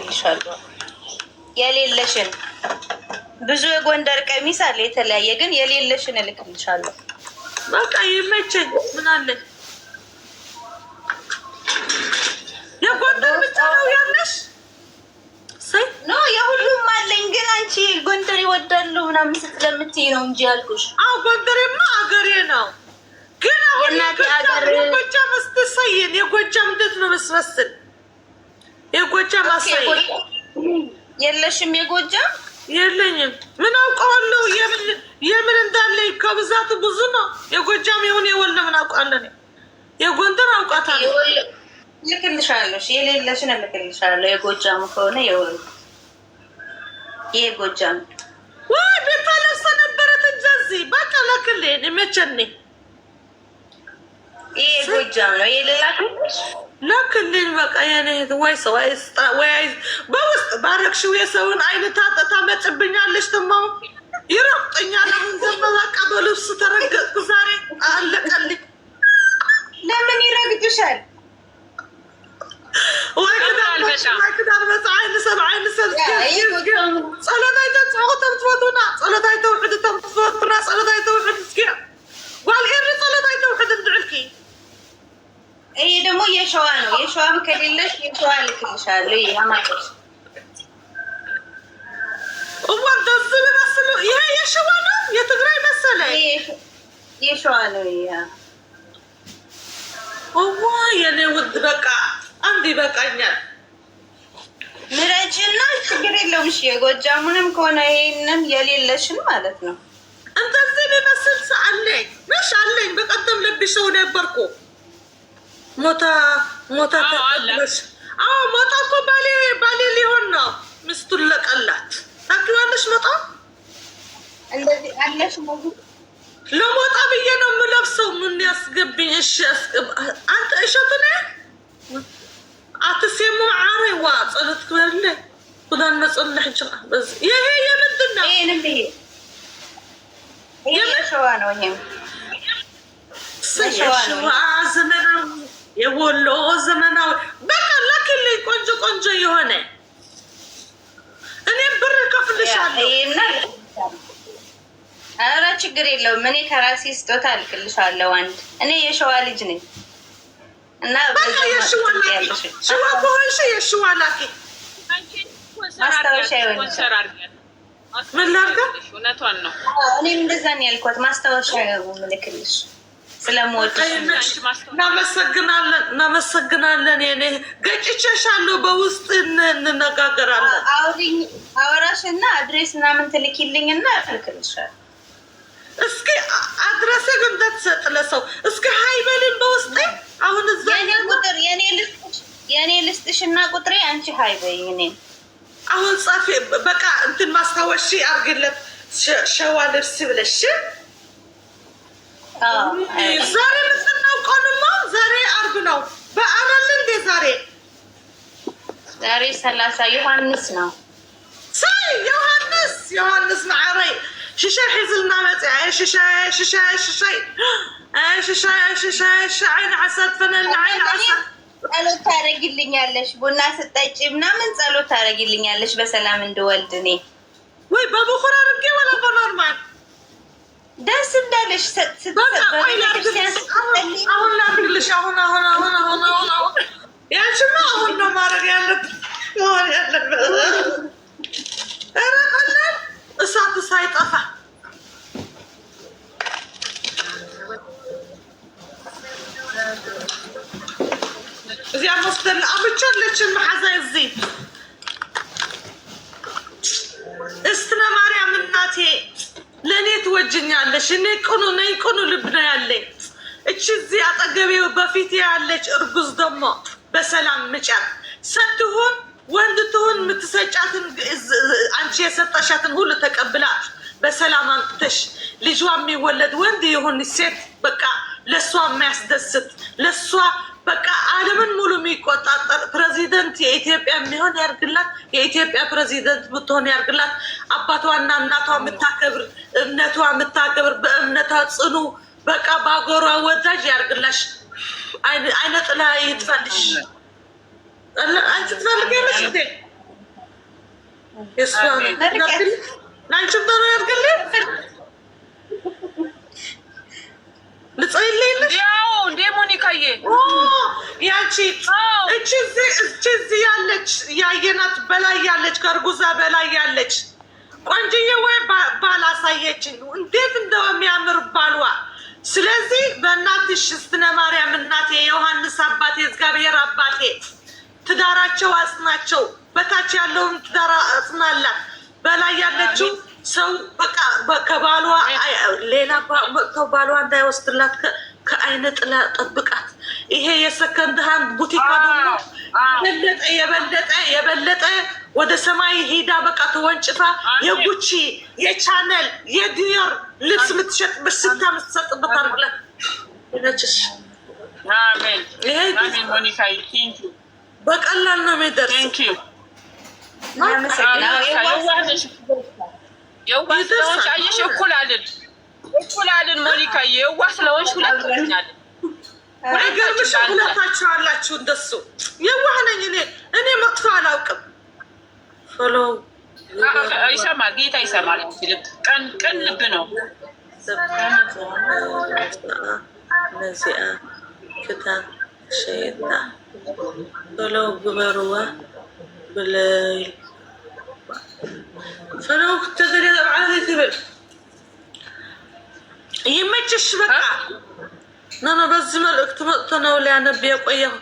እልሻለሁ የሌለሽን ብዙ የጎንደር ቀሚስ አለ የተለያየ ግን የሌለሽን እልክልሻለሁ። በቃ ምን አለ የጎንደር ብቻ ነው ያለሽ? ኖ የሁሉም አለኝ፣ ግን አንቺ ጎንደር ይወዳሉ ምናምን ስትለምትይ ነው እንጂ ያልኩሽ። አዎ አገሬ ነው፣ ግን አሁን የጎጃም ስትሰይን የጎጃም እንዴት ነው መስመስል የጎጃም አሳይ የለሽም? የጎጃም የለኝም። ምን አውቀዋለሁ? የምን እንዳለ ከብዛት ብዙ ነው። የጎጃም የሆነ የወሎ ምን አውቃለሁ? የጎንደር አውቃታለሁ። ልክልሻለሽ፣ የሌለሽን ልክልሻለሁ። የጎጃም ከሆነ የወሎ የጎጃም ወይ ቤታ ለብሰ ነበረ ትንዛዚ በቃ ላክልኝ። መቸኔ ይሄ ጎጃም ነው የሌላ ክልሽ ላክልኝ በቃ የኔ ወይ ሰው አይስጣ ወይ በውስጥ ባረግሽው የሰውን አይን ታመጭብኛለሽ። ትማ ይረግጠኛል። አሁን ዘመ በቃ በልብስ ተረገጥኩ ዛሬ አለቀልኝ። ለምን ይረግጥሻል? ወይ ክዳን በፅ ዓይን ሰብ ዓይን ሰብ ፀሎታይ ተፅሑቁ ተምትፈቱና ፀሎታይ ተውሕድ ተምትፈቱና ፀሎታይ ተውሕድ እስኪ ጓልኤሪ ፀሎታይ ተውሕድ እንድዕልኪ ይሄ ደግሞ የሸዋ ነው። የሸዋም ከሌለሽ የሸዋ ልክልሻለሁ። ይሄ አማቶች እዋን ደስ ይሄ የሸዋ ነው። የትግራይ መሰለ የሸዋ ነው። ይሄ እዋ የኔ ውድ በቃ አንድ ይበቃኛል። ምረጭና ችግር የለውም። እሺ የጎጃሙንም ከሆነ ይሄንም የሌለሽን ማለት ነው። እንደዚህ የሚመስል ሰዓት ነሽ አለኝ። በቀደም ለብሼው ነበርኩ ሞታ ሞታ አዎ ሞታ እኮ ባሌ ባሌ ሊሆን ነው። ምስቱን ለቀላት ታግባለሽ። ሞጣ እንደዚህ አለሽ ለሞጣ ብዬ ነው የምለብሰው። ምን ያስገብኝ? እሺ አንተ እሸቱ ነህ። አትሴሙ ዓረዋ ጸሎት ክበርለ ኩዳን ነጸልሕ ጅ ይሄ የምንድን ነው? የሸዋ ነው። ይሄም ሸዋ ዘመናዊ የወሎ ዘመናዊ በቃ ላክልኝ ቆንጆ ቆንጆ የሆነ እኔም ብር ከፍልሻለሁ። ኧረ ችግር የለውም። እኔ ከራሴ ስጦታ አልክልሻለሁ። አንድ እኔ የሸዋ ልጅ ነኝ እና ሸዋ ከሆንሽ የሸዋ ላኪ ማስታወሻ ምን ላድርግ? እኔም እንደዛ ነው ያልኳት። ማስታወሻ ምልክልሽ ስለምወድሽ እናመሰግናለን። ኔ ገጭቼሻለሁ። በውስጥ እንነጋገራለን። አወራሽና አድሬስ ምናምን ትልኪልኝና እልክልሻለሁ። እስኪ አድረስህ ለሰው። እስኪ ሀይበልን አሁን እዛ ቁጥር ልስጥሽና ቁጥሬ አንቺ ሀይበይ እኔ አሁን ጻፌ በቃ እንትን አርግለት ብለሽ ዛሬ የምትናውቀውንማ ዛሬ አርብ ነው። በዓል አለ እንዴ ዛሬ? ዛሬ ሰላሳ ዮሐንስ ነው። ሳይ ዮሐንስ ዮሐንስ ማዕረይ ሽሻይ ሒዝልና መፅያ ሽሻይ ሽሻይ ሽሻይ ሽሻይ ሽሻይ ዓይን ዓሰር ፈነና ዓይን ዓሰር ጸሎት ታደረግልኛለሽ። ቡና ስጠጪ ምናምን ጸሎት ታደረግልኛለሽ በሰላም እንደወልድ እኔ ወይ በብኩር አድርጌ ወላ በኖርማል ደስ እንዳለሽ አሁን ላድርግልሽ። አሁን አሁን አሁን አሁን አሁን አሁን ያችማ አሁን ነው ማድረግ ያለብን መሆን ያለበት። ኧረ ቀላል እሳት ሳይጠፋ እዚያ መስደላ አብቻለችን መሐዛ እዚህ ትወጅኛለሽ። እኔ ቅኑ ነኝ፣ ቅኑ ልብ ነው ያለኝ። እቺ እዚህ አጠገቤው በፊት ያለች እርጉዝ ደግሞ በሰላም ምጫት ሰትሆን ወንድ ትሆን የምትሰጫትን አንቺ የሰጠሻትን ሁሉ ተቀብላ በሰላም አምጥተሽ ልጇ የሚወለድ ወንድ የሆን ሴት በቃ ለእሷ የሚያስደስት ለእሷ በቃ ዓለምን ሙሉ የሚቆጣጠር ፕሬዚደንት የኢትዮጵያ የሚሆን ያርግላት። የኢትዮጵያ ፕሬዚደንት ብትሆን ያርግላት። አባቷና እናቷ የምታከብር እምነቷ የምታከብር በእምነቷ ጽኑ በቃ በአገሯ ወዳጅ ያርግላሽ። አይነ ጥላ ይጥፋልሽ። አንቺ ትፈልጊያለሽ እንዴ? የእሷ ናንቺም ቶሎ ያርግልን። ሞኒካዬ ያቺ እዚህ ያለች ያየናት በላይ ያለች ከእርጉዛ በላይ ያለች ቆንጅዬ ወይ ባል ባላሳየችኝ እንዴት የሚያምር ባሏ። ስለዚህ በእናትሽ እስትነ ማርያም እናቴ፣ የዮሐንስ አባቴ፣ እግዚአብሔር አባቴ ትዳራቸው አጽናቸው። በታች ያለውን ትዳር አጽናላት። በላይ ያለችው ሰው በቃ ከባሏ ሌላ መጥተው ባሏ እንዳይወስድላት ከአይነ ጥላ ጠብቃት። ይሄ የሰከንድ ሃንድ ቡቲካ ደግሞ የበለጠ የበለጠ የበለጠ ወደ ሰማይ ሄዳ በቃ ተወንጭፋ የጉቺ የቻነል የዲዮር ልብስ የምትሸጥበት ብስታ ምትሰጥበት አርግላት ነችሽ። በቀላል ነው የሚደርስ የዋህ ስለሆንሽ አየሽ፣ እኩል አልን እኩል አልን። ሞኒካ የዋህ ስለሆንሽ ሁለት ሆኛለን። አይገርምሽ? ሁለታችሁ አላችሁ እንደሱ። የዋህ ነኝ እኔ እኔ መጥፎ አላውቅም። ሎ ይሰማል፣ ጌታ ይሰማል። ልብ ቀን ቀን ልብ ነው ነዚአ ክታብ ብለይ ሰነው ተገደለ ማለት ይትብል ይመችሽ። በቃ ኖኖ በዚህ መልእክት መጥቶ ነው ሊያነብ የቆየው።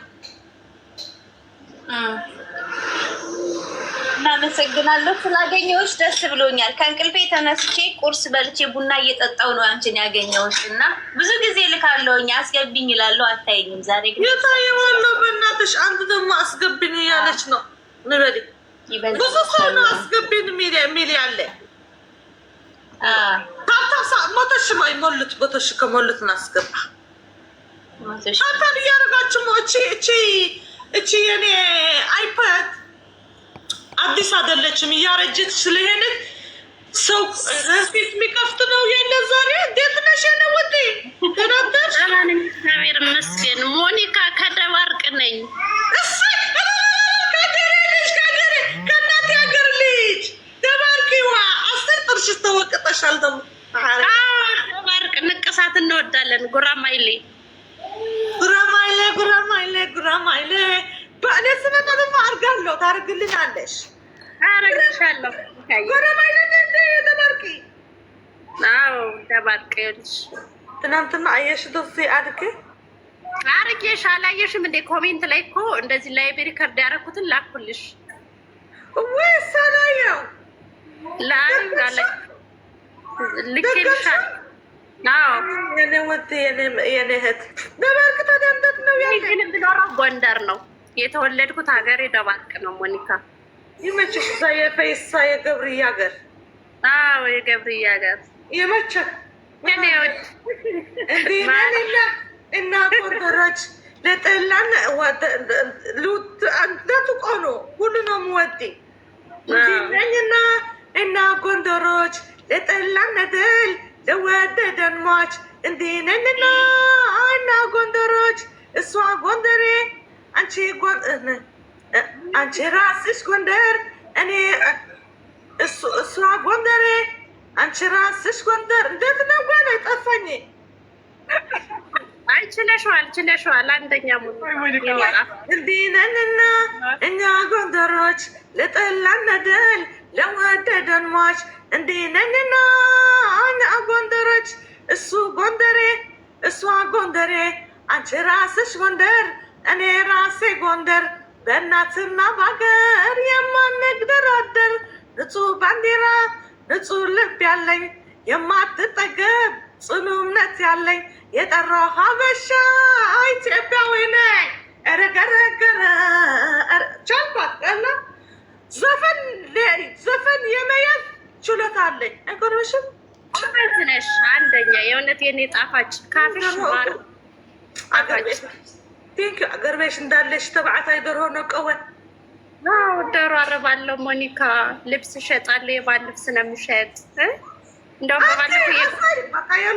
እናመሰግናለሁ ስላገኘሁሽ ደስ ብሎኛል። ከእንቅልፌ ተነስቼ ቁርስ በልቼ ቡና እየጠጣሁ ነው አንቺን ያገኘሁሽ እና ብዙ ጊዜ ልካለሁኝ አስገቢኝ እላለሁ አታይኝም። ዛሬ ግን የታየዋለሁ። በእናትሽ አንድ ደግሞ አስገብኝ እያለች ነው ንበል ብዙ ሰው ነው አስገቢን የሚል ያለ ካርታ መቶ ሺህ ማይሞሉት መቶ ከሞሉት እናስገባ። ካርታን እያደረጋችሁ እቺ እቺ እቺ የኔ አይፓድ አዲስ አይደለችም እያረጀች ስለሄነት ሰው ፊት የሚከፍት ነው የለ። ዛሬ እንዴት ነሽ? ነ ወዴ ተናገር እግዚአብሔር ይመስገን። ሞኒካ ከደባርቅ ነኝ እስ ጸጉርሽ ተወቅጠሻል። ደግሞ ወርቅ ንቅሳት እንወዳለን። ጉራማይሌ ጉራማይሌ ጉራማይሌ ጉራማይሌ በእኔ ስመጠንማ አርጋለሁ። አለሽ አረግሻለሁ። ጉራማይሌ ደባርቂ ደባርቂ ትናንትና አየሽ ዶሴ አድጌ አርጌሽ አላየሽም እንዴ? ኮሜንት ላይ እኮ እንደዚህ ላይብሪ ከርድ ያደረኩትን ላኩልሽ ወይስ አላየው ጎንደር ነው የተወለድኩት። ሀገሬ ደባርቅ ነው። ሞኒካ ይመችሽ። እዛ የፈይሳ የገብርዬ ሀገር። አዎ የገብርዬ ሀገር ይመችሽ። እናት ወደረች ለጠላን ልውት አንደቱ ሁሉ ነው ምወዲ ነኝና ዶሮች ለጠላን ነጥል ለወደደን ሟች እንዲህ ነንና እና ጎንደሮች እሷ ጎንደሬ አንቺ አንቺ ራስሽ ጎንደር እኔ እሷ ጎንደሬ አንቺ ራስሽ ጎንደር እንዴት ነው ጓና ጠፋኝ። አይ ችለሽዋል፣ ችለሽዋል። አንደኛ እንዲህ ነንና እኛ ጎንደሮች ለጠላን ነደል ለወደደን ሟች እንዴ ነንና አነ ጎንደሮች እሱ ጎንደሬ እሷ ጎንደሬ አንቺ ራስሽ ጎንደር እኔ ራሴ ጎንደር በእናትና በሀገር የማንግደራደር ንጹህ ባንዲራ ንጹህ ልብ ያለኝ የማትጠገብ ጽኑ እምነት ያለኝ የጠራው ሀበሻ ኢትዮጵያዊ ነኝ። ረገረገረ ቻልኳት ዘፈን ዘፈን የመያዝ ችሎታ አለኝ አይጎርምሽም። ችሎት ነሽ አንደኛ። የእውነት የኔ ጣፋጭ ካፍሽ ማር ቴንክ ገርበሽ እንዳለሽ ተባዕታይ ደርሆ ነው ቀወን ደሮ አረባለሁ። ሞኒካ ልብስ እሸጣለሁ። የባል ልብስ ነው የምሸጥ። እንደውም ባለፈው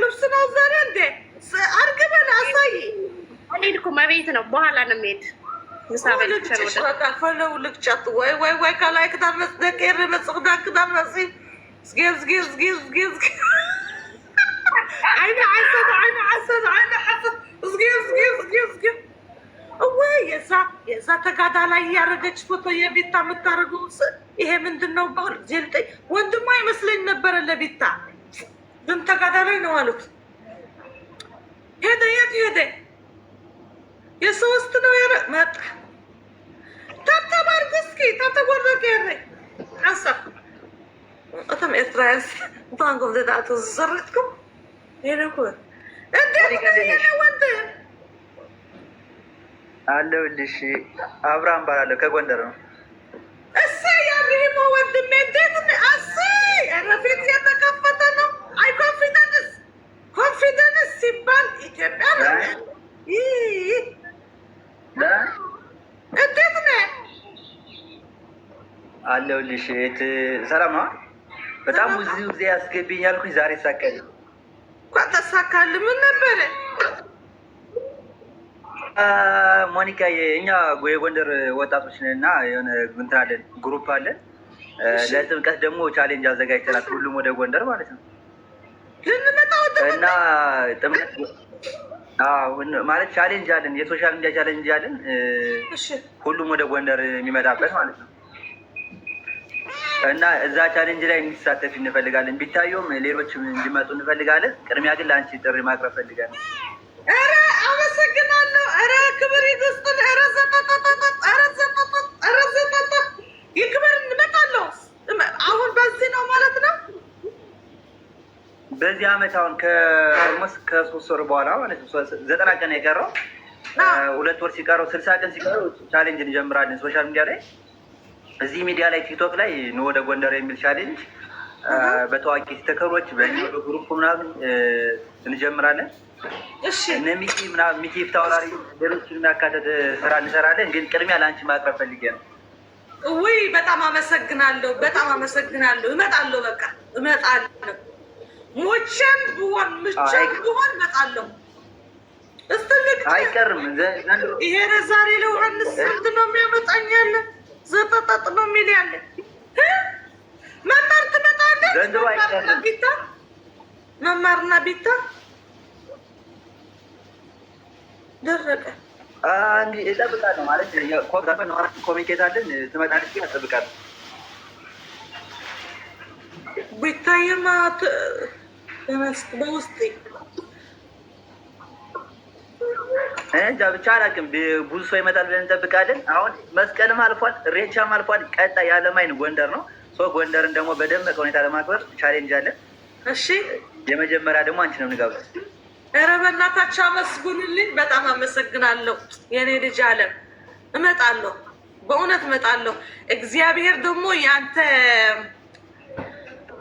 ልብስ ነው ዛሬ እንዴ አርግበን አሳይ አልሄድኩም። እቤት ነው በኋላ ነው የምሄድ ምሳበልቸ ልቅጫት ወይ ወይ ወይ ካላይ ክዳን መስደቅ መጽቅዳ ክዳን የዛ ተጋዳ ላይ እያደረገች ፎቶ የቤታ የምታደርገው ይሄ ምንድን ነው? ወንድሟ ይመስለኝ ነበረ ለቤታ ግን ተጋዳ ላይ ነው አሉት። ሄደ የት ሄደ? የሶስት ነው ያረ መጣ ታተባርግ እስኪ ታተጎረቀ ያረ አሳ እቶም ኤርትራውያን ባንኮም ዘዳእቱ ዝሰረትኩም ይልኩን እንዴት አለሁልሽ። አብርሃም እባላለሁ ከጎንደር ነው። እሰይ አብርሂሞ ወንድሜ እንዴት እሰይ! ኧረ ፊት የተከፈተ ነው። አይ ኮንፊደንስ ኮንፊደንስ ሲባል ኢትዮጵያ ነው። እንዴት ነህ? አለሁልሽ። የት ሰላም ነው? በጣም ብዙ ጊዜ ያስገብኝ ያልኩኝ ዛሬ ሳቀል ተሳካል። ምን ነበረ ሞኒካ፣ እኛ የጎንደር ወጣቶች ነን እና የሆነ እንትን አለን ግሩፕ አለን። ለጥምቀት ደግሞ ቻሌንጅ አዘጋጅተናል። ሁሉም ወደ ጎንደር ማለት ነው እና ጥምቀት ማለት ቻሌንጅ አለን፣ የሶሻል ሚዲያ ቻሌንጅ አለን። ሁሉም ወደ ጎንደር የሚመጣበት ማለት ነው እና እዛ ቻሌንጅ ላይ እንዲሳተፍ እንፈልጋለን። ቢታየውም ሌሎች እንዲመጡ እንፈልጋለን። ቅድሚያ ግን ለአንቺ ጥሪ ማቅረብ ፈልጋለን። ኧረ አመሰግናለሁ። ኧረ ክብር ይስጥል። ኧረ ይክብር እንመጣለሁ። አሁን በዚህ ነው ማለት ነው። በዚህ አመት አሁን ከሞስ ከሶስት ወር በኋላ ማለት ዘጠና ቀን የቀረው ሁለት ወር ሲቀረው ስልሳ ቀን ሲቀረው ቻሌንጅ እንጀምራለን ሶሻል ሚዲያ ላይ እዚህ ሚዲያ ላይ ቲክቶክ ላይ ኑ ወደ ጎንደር የሚል ቻሌንጅ በታዋቂ ቲክቶከሮች በግሩፕ ምናምን እንጀምራለን። እነ ሚኪ ምናምን ሚኪ ፍታውራሪ ሌሎች የሚያካተት ስራ እንሰራለን። ግን ቅድሚያ ለአንቺ ማቅረብ ፈልጌ ነው። ውይ በጣም አመሰግናለሁ፣ በጣም አመሰግናለሁ። እመጣለሁ፣ በቃ እመጣለሁ። ሞቼም ብሆን ምቼም ብሆን እመጣለሁ። እስትልቅ አይቀርም። ይሄ ዛሬ ለዮሐንስ ስንት ነው የሚያመጣኛለን ዘጠጠጥ ነው የሚል ያለ መማር ትመጣለህ። ቢታ መማርና ቢታ ደረቀ እንዲህ እጠብቃለሁ ማለት ኮሚኒኬት አለን። ትመጣለች እጠብቃለሁ። ቢታየማ በውስጤ እንጃ ብቻ አላውቅም። ብዙ ሰው ይመጣል ብለን እንጠብቃለን። አሁን መስቀልም አልፏል፣ ሬቻም አልፏል። ቀጣይ የዓለማይን ጎንደር ነው። ጎንደርን ደግሞ በደመቀ ሁኔታ ለማክበር ቻሌንጅ አለን። እሺ የመጀመሪያ ደግሞ አንቺ ነው ንጋብዛት። ኧረ በእናታችሁ በጣም አመሰግናለሁ የእኔ ልጅ አለም። እመጣለሁ፣ በእውነት እመጣለሁ። እግዚአብሔር ደግሞ የአንተ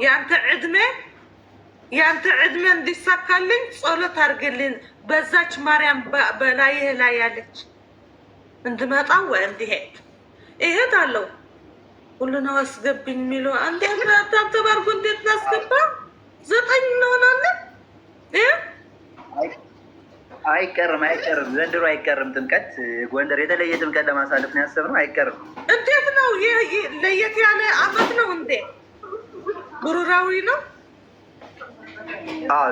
የአንተ ዕድሜ ያንተ ዕድሜ እንዲሳካልኝ ጸሎት አድርግልኝ በዛች ማርያም በላይህ ላይ ያለች እንድመጣ ወይ እንዲሄድ ይሄድ አለው። ሁሉን አስገብኝ የሚለው አንዴ ተባርጎ እንዴት እናስገባ? ዘጠኝ እንሆናለን። አይቀርም አይቀርም፣ ዘንድሮ አይቀርም። ጥምቀት ጎንደር የተለየ ጥምቀት ለማሳለፍ ነው ያሰብነው። አይቀርም። እንዴት ነው ለየት ያለ አመት ነው እንዴ? ጉሩራዊ ነው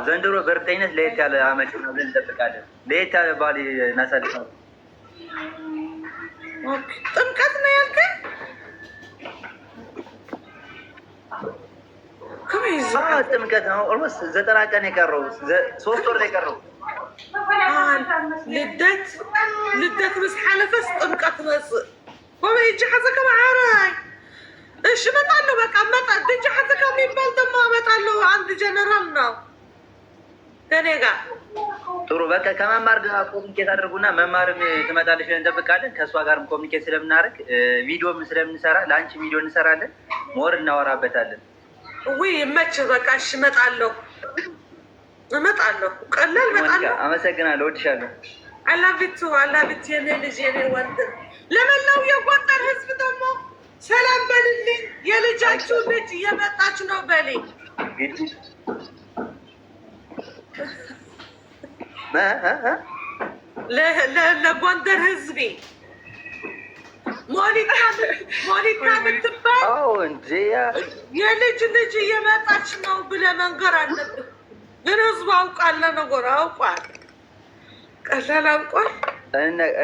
ዘንድሮ በእርግጠኝነት ለየት ያለ አመት ይሆናል እንጠብቃለን። ለየት ያለ በዓል እናሳልፋለን። ጥምቀት ነው ያልከኝ? ጥምቀት ነው። ኦልሞስት ዘጠና ቀን የቀረው ሶስት ወር የቀረው ልደት ልደት ምስ ሓለፈስ ጥምቀት መፅእ ወበይ እጅ ሓዘከ ማዓራይ እሺ እመጣለሁ። በቃ መጣ ድንጅ ሐተ ከሚባል ደሞ እመጣለሁ። አንድ ጀነራል ነው እኔ ጋር ጥሩ። በቃ ከመማር ጋር ኮሚኒኬት አድርጉና መማርም ትመጣለች እንጠብቃለን። ከእሷ ጋርም ኮሚኒኬት ስለምናደርግ ቪዲዮም ስለምንሰራ ለአንቺ ቪዲዮ እንሰራለን፣ ሞር እናወራበታለን። ውይ መች በቃ እሺ እመጣለሁ፣ እመጣለሁ። ቀላል መጣለሁ። አመሰግናለሁ። እወድሻለሁ። አላቪቱ አላቪቱ የኔ ልጅ የኔ ወንድም ለመላው የጎንደር ህዝብ ደግሞ ሰላም በልልኝ። የልጃችሁ ልጅ እየመጣች ነው በሌ ለጎንደር ህዝቤ ሞኒታ ምትባል የልጅ ልጅ እየመጣች ነው ብለህ መንገር አለብህ። ግን ህዝቡ አውቋል፣ ለነገሩ አውቋል፣ ቀላል አውቋል።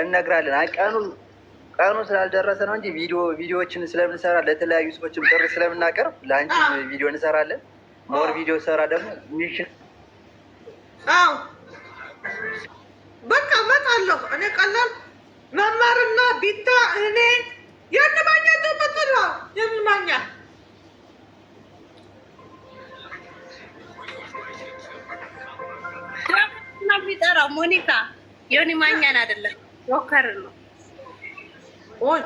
እነግራለን ቀኑ ቀኑ ስላልደረሰ ነው እንጂ ቪዲዮዎችን ስለምንሰራ ለተለያዩ ሰዎችም ጥሪ ስለምናቀርብ ለአንቺ ቪዲዮ እንሰራለን። ሞር ቪዲዮ ሰራ ደግሞ ሚሽን በቃ እመጣለሁ። እኔ ቀላል መማርና ቢታ እኔ ሞኒካ አይደለም ነው።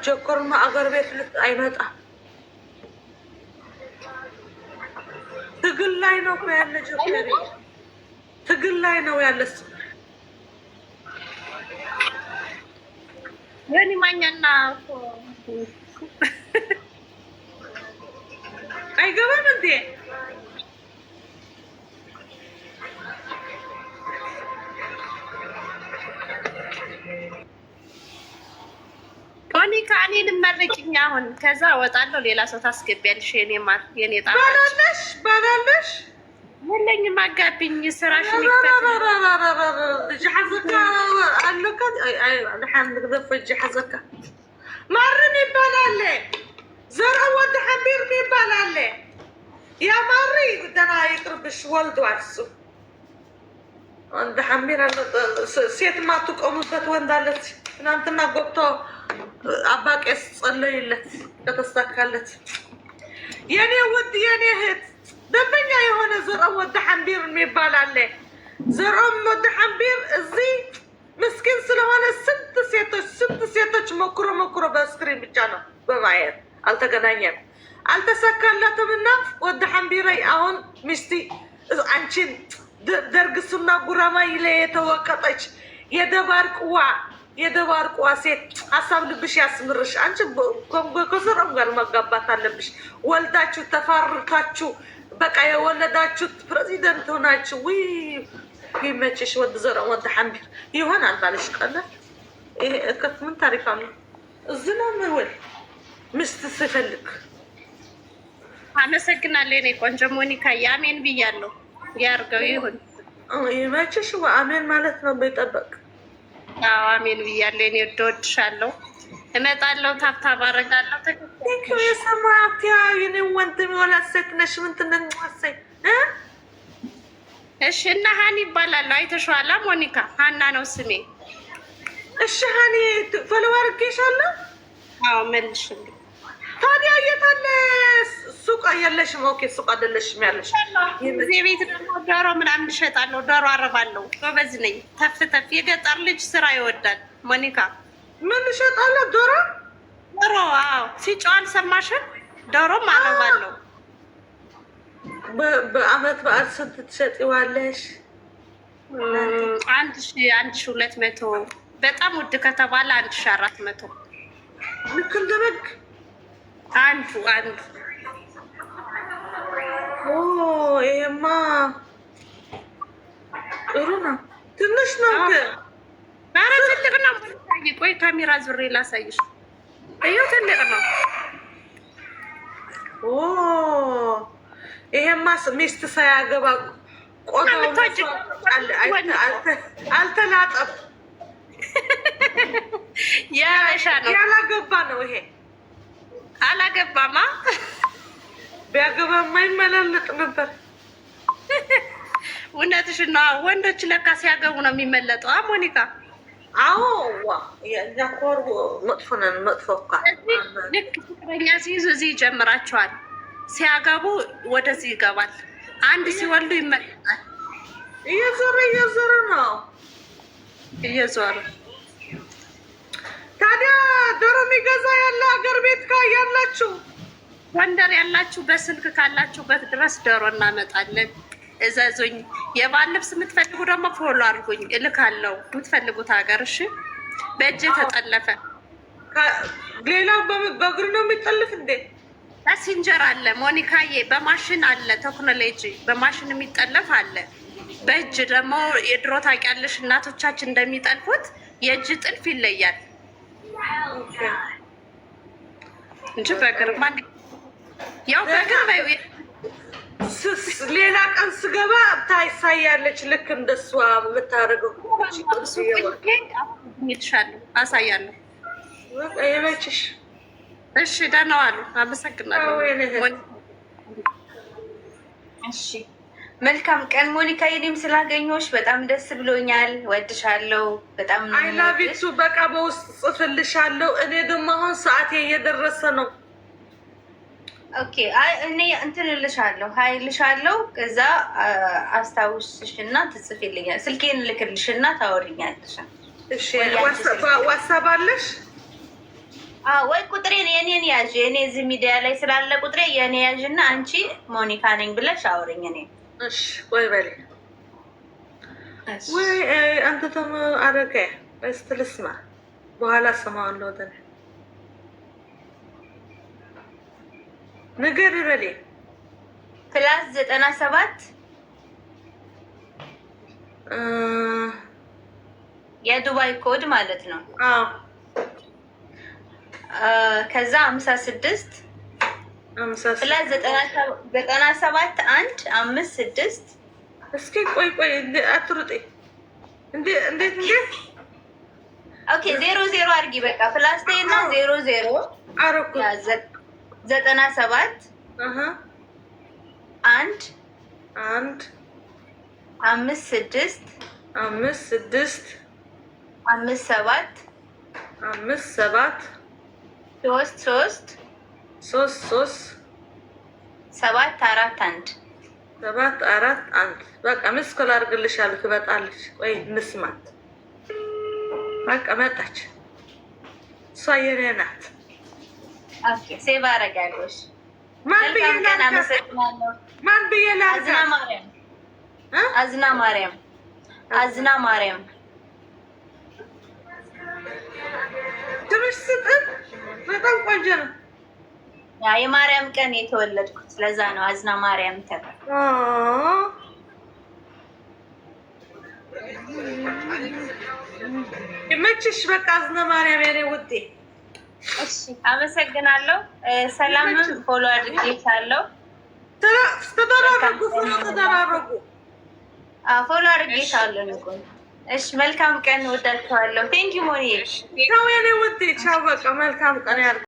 ቸኮርማ አገር ቤት አይመጣም። ትግል ላይ ነው ያለ፣ ቸኮር ትግል ላይ ነው ያለ። ዮኒ ማኛና አይገባም እንዴ? ሞኒካ እኔን መርቂኝ። አሁን ከዛ እወጣለሁ፣ ሌላ ሰው ታስገቢያለሽ። የኔ ማር የኔ ጣ ባላለሽ ባላለሽ የለኝም፣ አጋቢኝ። ስራሽ ሐዘካ ማርን ይባላል፣ ይባላል። ያ ማሪ ይቅርብሽ፣ ሐሚር ሴት ማትቆሙበት ወንድ አለች ትናንትና ጎብቶ አባ ቄስ ጸለይለት ለተሳካለት። የኔ ውድ የኔ እህት ደንበኛ የሆነ ዘርኦም ወዲ ሐምቢር የሚባል አለ። ዘርኦም ወዲ ሓንቢር እዚ ምስኪን ስለሆነ ስንት ሴቶች ስንት ሴቶች መኩሮ መኩሮ በስክሪን ብቻ ነው በማየት አልተገናኘም፣ አልተሳካላትም። እና ወዲ ሓንቢረይ አሁን ሚስቲ አንቺን ደርግሱና ጉራማይ ላይ የተወቀጠች የደባርቅዋ የደባርቋ ሴት ሀሳብ ልብሽ ያስምርሽ። አንቺ ከሰራም ጋር መጋባት አለብሽ። ወልዳችሁ ተፋርካችሁ በቃ የወለዳችሁት ፕሬዚደንት ሆናችሁ ዊ ይመችሽ። ወድ ዘረም ወድ ሓንቢር ይሆን ባልሽ ቀለ ይሄ እከት ምን ታሪክ አለ እዚ ነው ምንወል ምስት ስፈልግ አመሰግናለሁ። ኔ ቆንጆ ሞኒካ የአሜን ብያለሁ። ያርገው ይሁን ይመችሽ። አሜን ማለት ነው በይጠበቅ አሜን ብያለሁ። እኔ እወድሻለሁ። እመጣለሁ። ታብታብ አደርጋለሁ። ትክክል የሰማያት የኔ ወንድም የሆላት ሴት ነሽ። ምንትንን ዋሰኝ እሺ። እና ሀኒ ይባላሉ። አይተሸዋላ ሞኒካ ሀና ነው ስሜ። እሺ ሀኒ ፈለዋ አድርጌሻለሁ። አዎ መልሽልኝ ታዲያ የት ሱቅ የለሽም? ኦኬ ሱቅ አይደለሽም ያለሽ እዚህ ቤት ደግሞ ዶሮ ምናምን እሸጣለሁ፣ ዶሮ አረባለሁ። ጎበዝ ነኝ። ተፍ ተፍ የገጠር ልጅ ስራ ይወዳል። ሞኒካ ምን እሸጣለሁ? ዶሮ ዶሮ። አዎ ሲጮህ አልሰማሽም? ዶሮም አረባለሁ። በአመት በዓል ስንት ትሸጪዋለሽ? አንድ ሺ አንድ ሺ ሁለት መቶ በጣም ውድ ከተባለ አንድ ሺ አራት መቶ ልክ እንደ በግ አንዱ አንዱ ይሄማ ጥሩ ነው። ትንሽ ነው ግን ኧረ ትልቅ ነው። ቆይ ካሜራ ዙሬ ላሳይሽ። ይኸው ትልቅ ነው። ይሄማ ሚስት ሳያገባ ቆዳው አልተላጠም። ያላገባ ነው ይሄ አላገባማ። ቢያገባማ ይመላለጥ ነበር። እውነትሽ ነው። ወንዶች ለካ ሲያገቡ ነው የሚመለጠው። አሞኒካ አዎ፣ መጥፎ ነን። መጥፎ ልክ ፍቅረኛ ሲይዙ እዚህ ይጀምራቸዋል። ሲያገቡ ወደዚህ ይገባል። አንድ ሲወልዱ ይመለጣል። እየዞረ እየዞረ ነው እየዞረ ታዲያ ዶሮ የሚገዛ ያለ ሀገር ቤት ካ ያላችሁ ጎንደር ያላችሁ በስልክ ካላችሁበት ድረስ ዶሮ እናመጣለን። እዘዙኝ። የባል ልብስ የምትፈልጉ ደግሞ ፎሎ አድርጉኝ፣ እልካለሁ የምትፈልጉት ሀገር። እሺ፣ በእጅ ተጠለፈ። ሌላው በእግር ነው የሚጠልፍ እንዴ? ፓሲንጀር አለ፣ ሞኒካዬ፣ በማሽን አለ፣ ቴክኖሎጂ በማሽን የሚጠለፍ አለ። በእጅ ደግሞ የድሮ ታውቂያለሽ፣ እናቶቻችን እንደሚጠልፉት የእጅ ጥልፍ ይለያል። እንጂ በቅርብ ያው በቅርብ ሌላ ቀን ስገባ ታይሳያለች። ልክ እንደሷ የምታደርገው እልሻለሁ፣ አሳያለሁ። ይመችሽ። እሺ፣ ደህና ዋሉ። አመሰግናለሁ። እሺ መልካም ቀን ሞኒካ፣ የኔም ስላገኘሁሽ በጣም ደስ ብሎኛል። ወድሻለሁ በጣም አይላቪቱ። በቃ በውስጥ ጽፍልሻለሁ። እኔ ደግሞ አሁን ሰዓቴ እየደረሰ ነው። ኦኬ፣ አይ እኔ እንትን እልሻለሁ፣ ሀይ እልሻለሁ። ከዛ አስታውስሽና ትጽፊልኛል። ስልኬን እልክልሽና ታወሪኛለሽ። ዋትሳፕ አለሽ? ወይ ቁጥሬን የኔን ያዥ። እኔ እዚህ ሚዲያ ላይ ስላለ ቁጥሬ የኔ ያዥና አንቺ ሞኒካ ነኝ ብለሽ አውሪኝ እኔ እሺ ወይ በል ወይ አንተ እስቲ ልስማ፣ በኋላ ሰማዋለሁ። ንገር በል ፕላስ ዘጠና ሰባት የዱባይ ኮድ ማለት ነው። ከዛ አምሳ ስድስት ፕላስ ዘጠና ሰባት አንድ አምስት ስድስት እስኪ ቆይ ቆይ እንዴት እንዴት ኦኬ ዜሮ ዜሮ አድርጊ በቃ ፕላስ እና ዜሮ ዜሮ ዘጠና ሰባት አንድ አንድ አምስት ስድስት አምስት ስድስት አምስት ሰባት አምስት ሰባት ሶስት ሶስት ሶስት ሶስት ሰባት አራት አንድ ሰባት አራት አንድ በቃ ምስ ምስኮል አድርግልሻለሁ። ትመጣለች ወይ ምስማት በቃ መጣች። እሷ የኔ ናት። ሴቭ አደርጋለሽ። ማን ብዬ አዝና ማርያም አዝና ማርያም ትንሽ ስጥን። በጣም ቆንጆ ነው። የማርያም ቀን የተወለድኩት ስለዛ ነው። አዝና ማርያም ተ ይመችሽ። በቃ አዝና ማርያም ያኔ ውጤ። እሺ አመሰግናለሁ። ሰላምም ፎሎ አድርጌሻለሁ። ተደራረጉ፣ ፎሎ ተደራረጉ፣ ፎሎ አድርጌሻለሁ። ንቆይ እሺ መልካም ቀን ወዳችኋለሁ። ቴንኪ ሞኒ። ቻው የኔ ውጤ ቻው በቃ መልካም ቀን ያል